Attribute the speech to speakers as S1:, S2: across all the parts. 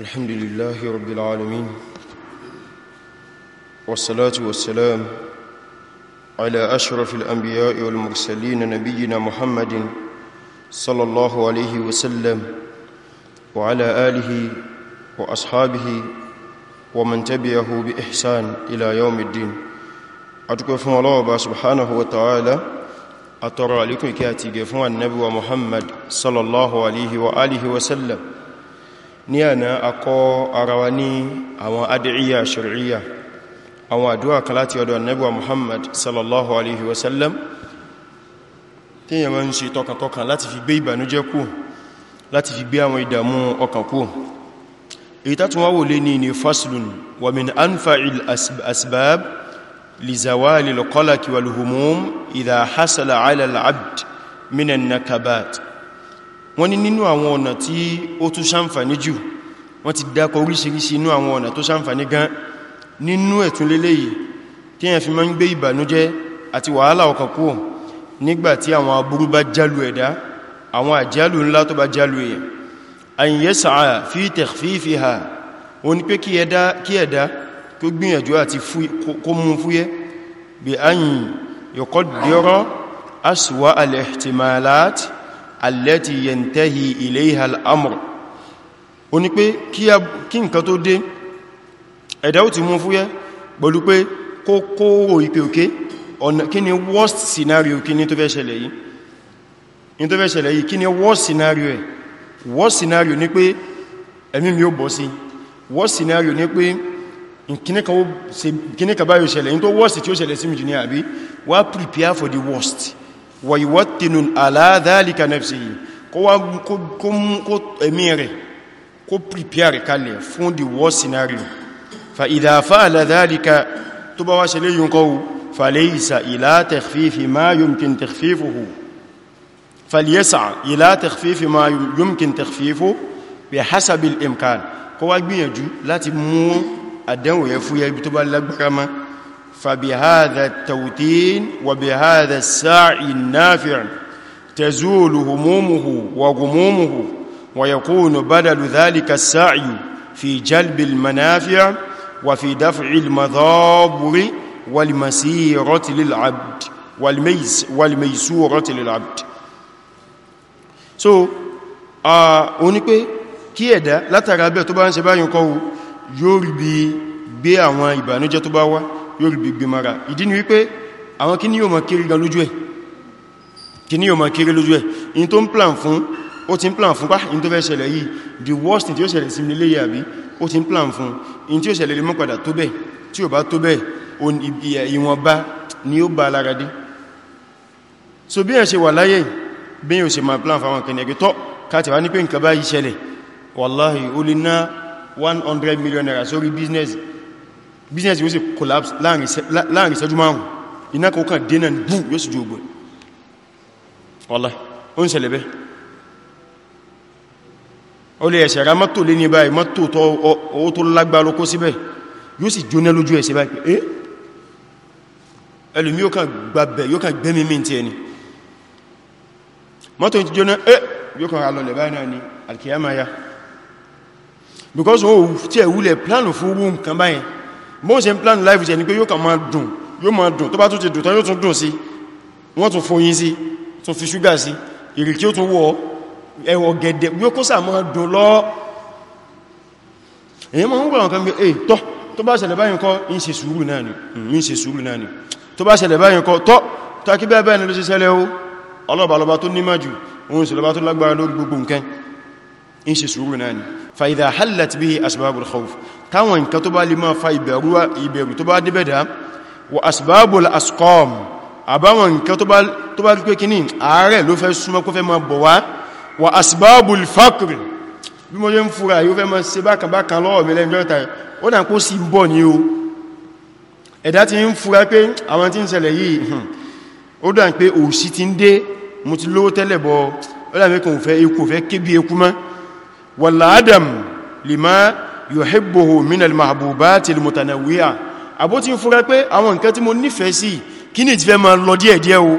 S1: الحمد لله رب العالمين والصلاة والسلام على أشرف الأنبياء والمرسلين نبينا محمد صلى الله عليه وسلم وعلى آله وأصحابه ومن تبعه بإحسان إلى يوم الدين أتكفون الله سبحانه وتعالى أترى لكم كاتي قفوان النبي محمد صلى الله عليه وآله وسلم ní àná akọ́ ara wa ní àwọn adìíyà ṣùríyà àwọn àdúwà kan láti ọ̀dọ̀ annabuwa muhammad sallallahu alaihi wasallam tí yẹ ma ń ṣe tọkàntọkàn láti fi gbé ìbànújẹ́ kú láti fi gbé àwọn ìdàmú ọkàn kú èyí tàtún wáwò lé ní ní faslun wa min anfa'il asbab li zawali al-qalaq wal hasala ala al nakabat wọ́n ní nínú àwọn ọ̀nà tí ó tún ṣàǹfàní jù wọ́n ti dákọ oríṣiríṣi inú àwọn ọ̀nà tó ṣàǹfàní gan nínú ẹ̀tún lélẹ̀ yìí tí yẹn fi máa ń gbé ìbànújẹ́ àti wàhálà ọkàn kúrò nígbàtí àwọn aburú bá jálù ẹ̀dá àwọn àjálù ńlá tó bá jálù èèyàn allati yantahi ilayha al-amr ó ní pé kí nǹkan tó dé ẹ̀dá ó ti mú fúyẹ́ pẹ̀lú pé kó kóòrò ìpè òkè kí ni worst scenario kí ni tó fẹ́ ṣẹlẹ̀ yìí ní tó fẹ́ ṣẹlẹ̀ yìí kí ni worst scenario ẹ̀ worst scenario ni pé ẹ̀mí mi ó bọ́ sí worst scenario ni pé kíníkà báyìí ṣẹlẹ̀ yìí tó worst tí ó ṣẹlẹ̀ sí mi jù ní àbí wá prepare for the worst wa yuwattinu ala dhalika nafsihi kó wá kó ẹ̀mí rẹ̀ kó prepare kalẹ̀ fún the worst scenario fa idha fa'ala dhalika tó bá wá ṣe léyìn kọ́wù falaysa ila takhfifi ma yumkin takhfifuhu falyas'a ila takhfifi ma yumkin takhfifuhu bihasabil imkan kó wá gbìyànjú láti mú àdánwò fúyẹ́ ibi tó bá lágbára máa فبهذا التوتين وبهذا السعي النافع تزول همومه وغمومه ويكون بدل ذلك السعي في جلب المنافع وفي دفع المضار والمسيرة للعبد والميس والميسورة للعبد so uh, oni pe kí ẹ̀dá látara bẹ́ẹ̀ tó bá ń ṣe báyìí kọ́ yóò rí bí gbé àwọn ìbànújẹ́ tó yóò gbígbé mara ìdí ni wípé àwọn kí ní yóò mọ̀ kiri gan lójú ẹ̀ kí ní yóò mọ̀ kiri lójú ẹ̀ in tó ń plan fún ó ti ń plan fún pá in tó fẹ́ ṣẹlẹ̀ yìí the worst thing tí ó ṣẹlẹ̀ sí mi léyìí ó ti ń plan fún in tí ó ṣẹlẹ̀ lè mọ́ padà tó bẹ́ẹ̀ tí ò bá tó bẹ́ẹ̀ ìwọ̀nba ni ó bá lára dé so bí ẹ̀ ṣe wà láyé bí ẹ̀ ṣe máa plan fáwọn kẹ́ni ẹgbẹ́ tọ́ káàtì wá ní pé nǹkan báyìí ṣẹlẹ̀ wàláhì ó lè ná 100 million naira sórí business business yóò sì collapse láàrin ìṣẹ́jú márùn iná kan kàn dínà bú yóò sì ju ogbò wallahi ó ń ṣẹlẹ̀ bẹ́ ó lè ẹ̀ṣẹ̀ ra mọ́tò lé ní báyìí mọ́tò tó owó tó lágbà lókó síbẹ̀ yóò sì jóná lójú ẹ̀ṣẹ̀ báyìí eh ẹlùmí yóò kàn gbàbẹ̀ yóò kàn gbẹ́mí mí ti ẹni mọ́tò eh yóò kàn rà lọlẹ̀ báyìí náà ni because wọn ò tí ẹ̀ wúlẹ̀ plánù fún owó nǹkan báyìí bó ṣe ń plan life jẹ́ ni pé yóò kàn máa dùn yóò máa dùn tó bá tún ti dùn tán yóò tún dùn sí wọ́n tún fóyín sí tún fi ṣúgà sí ìrìkí ó tún wọ́ ẹwọ gẹ̀dẹ̀ yóò kó sà máa dùn lọ èyí ma ń gbọ́ àwọn kan bí eh tọ́ tó bá ṣẹlẹ̀ báyìí kọ́ ń ṣe sùúrù náà ni ń tó bá ṣẹlẹ̀ báyìí kọ́ tọ́ takí bẹ́ẹ̀ bẹ́ẹ̀ ni táwọn nǹkan tó bá lè máa fa ìbẹ̀rù tó bá débẹ̀dá wa asbabul asqam àbáwọn nǹkan tó bá pé kíní ààrẹ ló fẹ́ súnmọ́ fẹ́ máa bọ̀ wá wa asbabul faqr bí mo yẹ́ ń fura yóò fẹ́ máa ṣe bákan bákan lọ́wọ́ mi lẹ́gbẹ̀rẹ̀ tàí ó dà kó sí bọ̀ ní o ẹ̀dá adam lè yuhibbuhu min al-mahbubati al-mutanawwi'a abo tin fura pé àwọn nǹkan tí mo nífẹ̀ẹ́ sí kíni tí fẹ́ máa lọ díẹ̀ díẹ̀ o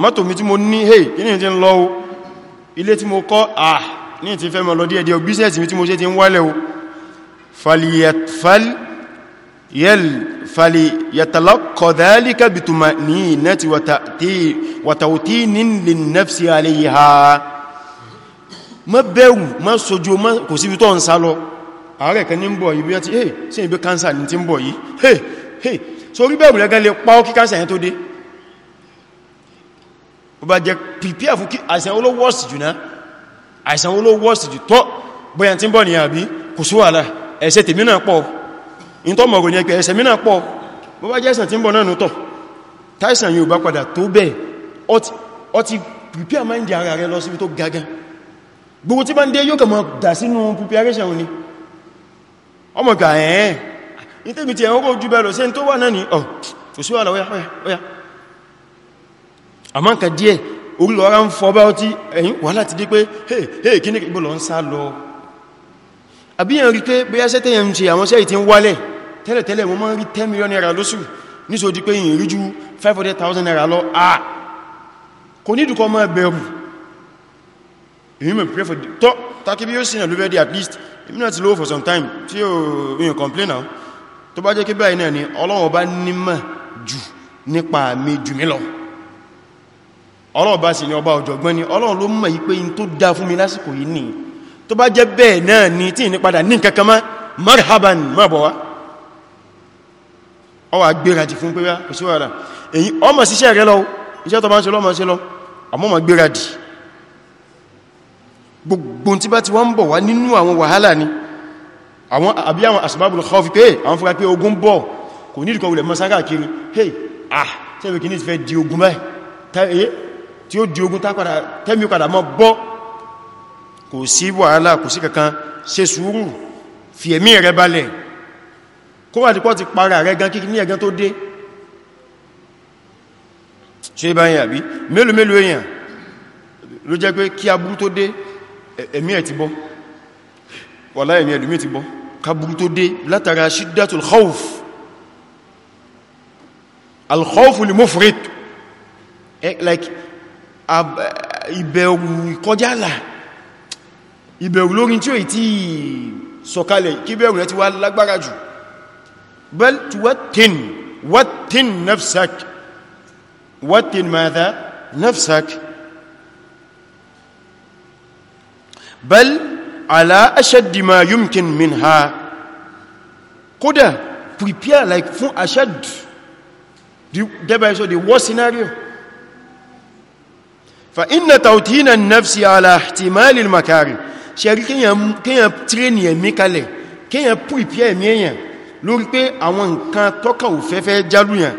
S1: mọ́tò mi tí mo ní hey kíni tí ń lọ o ilé tí mo kọ́ ah ni tí fẹ́ máa lọ díẹ̀ díẹ̀ o business mi tí mo ṣe tin wálẹ̀ o falyatfal yal fali yatalaqqa dhalika bituma'ninati wa ta'ti wa ma bẹ̀rù ma sojú ma kò síbi tó ń sá lọ ààrẹ kan ní ń bọ̀ yìí bí i ti hey sí ibi kánsà ní ti ń bọ̀ yìí hey hey so rí bẹ̀rù lẹ́gẹ́ lè pa ókí kánsà yẹn tó dé ó bá jẹ pìpíà fún kí àìsàn oló wọ́sì jù náà àìsàn oló wọ́sì jù tọ́ bóyá tí ń bọ̀ ní àbí kò sí wàhálà ẹ̀ṣẹ̀ tèmi náà pọ̀ in tó mọ̀rọ̀ ní ara rẹ lọ síbi tó gagan gbogbo tí bá ń dé yóò kàn mọ́ dà sínú preparation ni ọmọ ìgbà ẹ̀ẹ́ ìtẹ́bí ti ẹ̀wọ́n kó jù bẹ́ẹ̀ lọ sí ẹni tó wà náà ni ọ̀ tó sí wà lọ ọ̀yá ọ̀yá àmọ́ nǹkan díẹ̀ orí ọ̀rá ń fọ́ bá ọ tí hey hey kí ní ìbò lọ ń sá lọ àbíyàn rí pé bóyá sẹ́tẹ̀ yẹn ń ṣe àwọn sẹ́yìn tí ń wálẹ̀ tẹ́lẹ̀tẹ́lẹ̀ wọ́n máa ń rí 10 million naira lóṣù níṣòdí pé yìí rí ju 500,000 naira lọ àà ah! kò nídùkọ́ máa bẹ̀rù You mọ̀ pray for tọ́ takí bí ó sì náà ló fẹ́ dé at least èmi náà ti lówó for some time tí ó yìn complain náà tó bá jẹ́ kí báyìí náà ni Ọlọ́run bá nímọ̀ jù nípa mi jù mí lọ Ọlọ́run bá sì ní ọba ọ̀jọ̀gbọ́n ni Ọlọ́run ló mọ̀ yí pé in tó dá fún mi lásìkò yìí ni tó bá jẹ́ bẹ́ẹ̀ náà ni tí ìní padà ní kankan mọ́ marhaban mọ́bọ̀ wá ọwà gbéradì fún pé wá ah, kò sí wàrà èyí ọmọ síṣẹ́ rẹ lọ iṣẹ́ tó bá ń ṣe lọ́mọ ṣe lọ àmọ́ mọ̀ gbéradì gbogbo tí bá ti wọ́n bọ̀ wá nínú àwọn wàhálà ni àwọn àbí àwọn asbabul khawf pé àwọn fúra pé ogun bọ̀ kò ní ìdíkọ̀ wulẹ̀ mọ́sáká kiri hey ah tẹ́bẹ̀ kì ní ti fẹ́ di ogun báyìí eh, tí ó di ogun tẹ́mi padà mọ́ bọ́ kò sí wàhálà kò sí kankan ṣe sùúrù fi ẹ̀mí rẹ balẹ̀ kó wà dípọ́ ti para báyìí àbí mélòó mélòó èèyàn ló jẹ́ pé kí aburú tó dé ẹ̀mí ẹ̀ ti bọ́ wàlá ẹ̀mí ẹ̀lùmí ti bọ́ kaburu tó dé látara ṣídàtul khawf al-khawf al-mufrit eh, like eh, ìbẹ̀rù ìkọjálà ìbẹ̀rù lórí tí ó ti sọ̀kalẹ̀ kí bẹ̀rù rẹ̀ ti wá lágbára jù bal tuwattin wattin nafsak wattin madha nafsak bal ala ashaddi ma yumkin minha kódà prepare like fún ashad dẹ́bà iso the worst scenario fa inna tautina nafsi ala ihtimali al-makari ṣe rí kíyàn tírénì ẹ̀mí kalẹ̀ kíyàn prepare ẹ̀mí èyàn lórí pé àwọn nǹkan tọ́kà ò fẹ́fẹ́ jálúyàn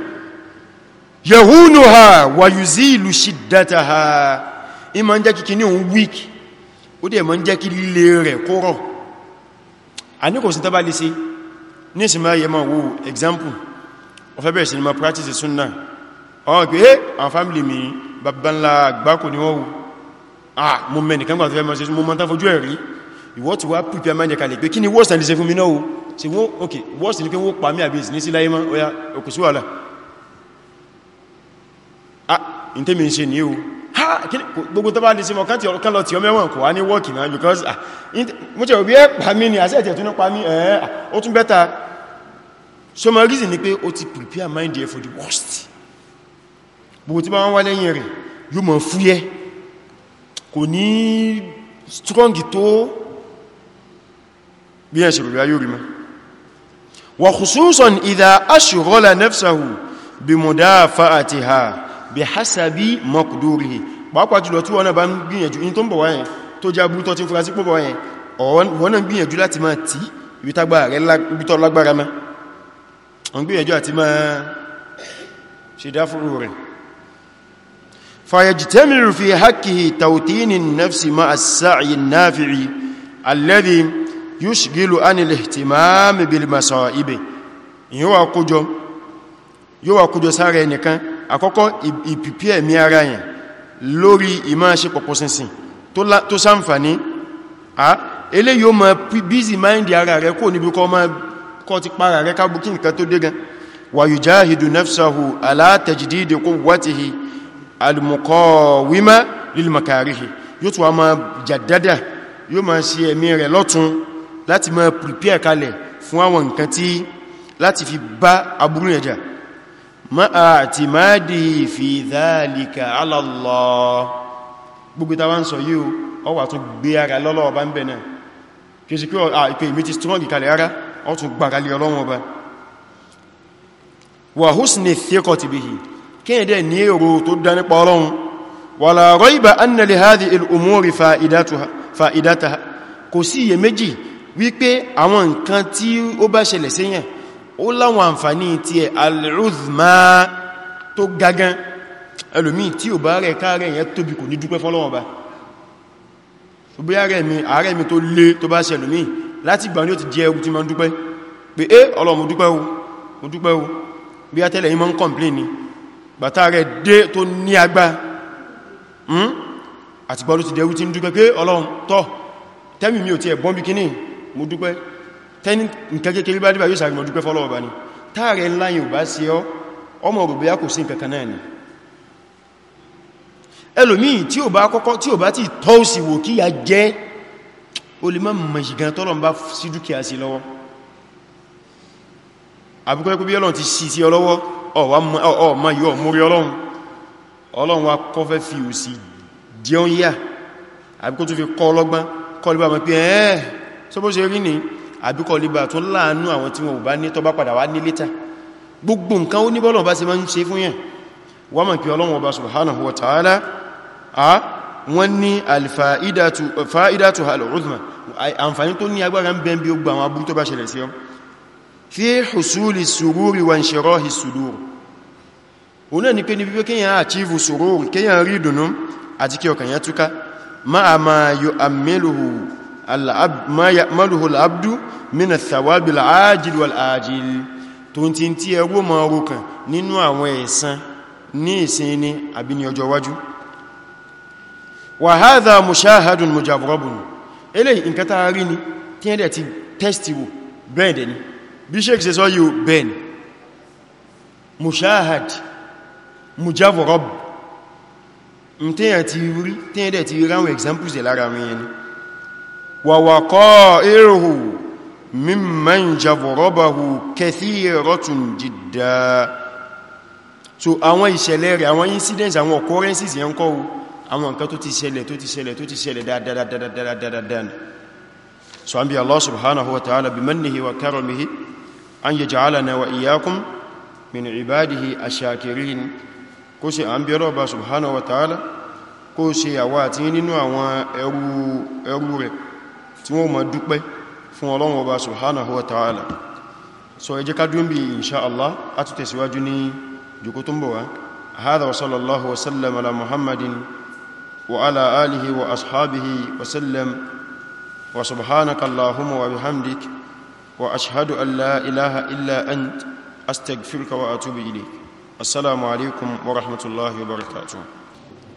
S1: yahunuha wa yuzilu shiddataha ìmọ̀ jẹ́ kìkì ní òun weak ó dẹ̀ mọ́ ń jẹ́ kí líle rẹ̀ kó rọ̀ a ní kò sí tàbá lè sí ní ìsìn máa yẹ máa wo example ó fẹ́ bẹ̀rẹ̀ sí ni máa practice sunna ọ̀rọ̀ pé hey àwọn family mi babanla àgbákò ni wọ́n wù ah mo mẹ́ nìkan gbàtọ́ fẹ́ mọ́ sí mo mọ́ tán fojú ẹ̀ rí ìwọ́ ti wá pípẹ́ máa jẹ́ kalẹ̀ pé kí ni worst and fún mi náà o sí wọ́n ok worst ni pé wọ́n pa mí àbí ìsìn sí láyé mọ́ ó yá òkùsù wàhálà ah in tẹ́mi ha gbogbo tó bá di sí mọ̀ kán tí ọ̀rọ̀ kán lọ tí ọmọ ẹ̀wọ̀n kò wá ní wọ́ọ̀kì náà because ah, mo tẹ̀ òbí ẹ́ pa mí ni àṣẹ́ ìtẹ̀ tó ní pa mí ẹ̀ ah, ó tún bẹ́ta so my reason ni pé ó ti prepare mind there for the worst gbogbo tí bá wọ́n wá lẹ́yìn rẹ̀ yóò mọ̀ fúyẹ́ kò ní strong tó bí ẹ̀ ṣèlú ayó rí mọ́ wa khususan idha ashghala nafsahu bi mudafa'atiha bí hasabi maqdurihi pàápàá jùlọ tí wọ́n náà bá ń gbìyànjú in tó ń bọ̀ wáyẹn tó já bú tó ti ń fura sí pọ̀ wáyẹn wọ́n náà gbìyànjú láti máa tí ibi tágbà rẹ̀ ibi tó lágbára mẹ́ wọ́n gbìyànjú àti máa ṣe dáfúrú rẹ̀ fayajtamiru fi haqqihi tawtinin sára ẹnìkan àkọ́kọ́ ìpìpì ẹ̀mí ara yẹn lórí ìmáṣe pọ̀pọ̀ sínsìn tó sáǹfàní eléyìí ó ma busy mind ara rẹ̀ kò níbi kọ́ ma kọ́ ti para rẹ̀ kábù kí nǹkan tó dé gan wa yujahidu nafsahu ala tajdidi quwwatihi al-muqawima lil makarihi yóò tún wá ma jàdádà yóò ma ṣe ẹ̀mí rẹ̀ lọ́tún láti ma prepare kalẹ̀ fún fi bá aburú ẹ̀jà ma'àtìmáàdì fi dhalika ala Allah gbogbo ta wá ń sọ yíò ọ wà tún gbé ara lọ́lọ́ ọba ń bẹ̀ náà kí o sì kí o ìpé ìmí ti strong kalẹ̀ ara ọ tún gbára lé Ọlọ́run ọba wà husni thiqati bihi kéèdè ní èrò tó dá sí iyèméjì wípé àwọn nǹkan tí ó ó láwọn àǹfàní tí ẹ al-uzma tó gagan ẹlòmí tí ò bá rẹ̀ káàrẹ̀ yẹn tóbi kò ní dúpẹ́ fọ́lọ́wọ́n bá tó bí ààrẹ mi ààrẹ mi tó lé tó bá ṣe ẹlòmí láti gbà ní ó ti jẹ ẹgbù tí ma ń dúpẹ́ pé é Ọlọ́run mo dúpẹ́ o mo dúpẹ́ o hmm? mo dúpẹ́ tẹ́ni nǹkan kékeré bá dìbà yóò sàrìmọ̀ dúpẹ́ fọ́lọ́wọ́ bá ní táàrẹ ńláyìn ò bá sí ọ ọmọ òrùbẹ́ kò sí nǹkan náà ni ẹlòmíì tí ò bá kọ́kọ́ tí ò bá ti tọ́ sí wò kí ya jẹ́ o lè má mọ̀ ìṣìgàn tọ́lọ̀n bá sí dúkìá sí lọ́wọ́ àbúkọ́ ẹkú bí ọlọ́run ti sí sí ọlọ́wọ́ ọ̀ọ̀mọ̀ yóò mórí ọlọ́run ọlọ́run wa kọ́ fẹ́ fi òsì díọ́n yà àbúkọ́ tó fi kọ́ ọlọ́gbọ́n kọ́ lè bá mọ̀ pé ẹ̀ẹ́ àbíkọ́ líbà tó láàánú àwọn tí wọ́n bá ní tọ́bá padà wá ní lítà gbogbo nǹkan ó níbọ́lọ̀ bá ṣe máa ń ṣe fún yẹn wọ́n mọ̀ pí Ọlọ́run Ọba subhanahu wa a wọ́n ní alfa'idatu al'uzma àǹfààní tó ní agbára ń bẹ́ẹ̀ bí ó gba àwọn abúrú fi husuli sururi wa nshirahi sudur òun náà ni pé ní bí kíyàn achieve sururi kíyàn ما يأمله العبد من الثواب العاجل والآجل tó ti ń tí ẹwọ́ ma ọrọ̀ kan nínú àwọn ẹ̀san ní ìsin ní àbí ní ọjọ́ wájú wa hadha mushahadun mujabrabun eléyìí nǹkan tàà rí ni tí ẹ̀dẹ̀ ti tẹ́stì bẹ́ẹ̀dẹ̀ ni bí sheik se sọ yíò bẹ́ẹ̀ni mushahad mujabrab tí ẹ̀dẹ̀ ووقائره ممن جبربه كثيرة جدا so àwọn ìṣẹ̀lẹ̀ rẹ̀ àwọn incidents àwọn occurrences yẹn kọ́ àwọn nǹkan tó ti ṣẹlẹ̀ tó ti ṣẹlẹ̀ tó ti ṣẹlẹ̀ dáadáadáadáa so tí wọ́n ma dúpẹ́ fún Ọlọ́run Ọba subhanahu wa ta'ala so ẹjẹ́ ká dún bí insha Allah a tún tẹ̀síwájú ní jùkú tó ń bọ̀ wá hadha wa sallallahu wa ala muhammadin wa ala alihi wa ashabihi wa wa subhanaka allahumma wa bihamdik wa ashhadu an la ilaha illa ant astaghfiruka wa atubu ilayk assalamu alaikum wa rahmatullahi wa barakatuh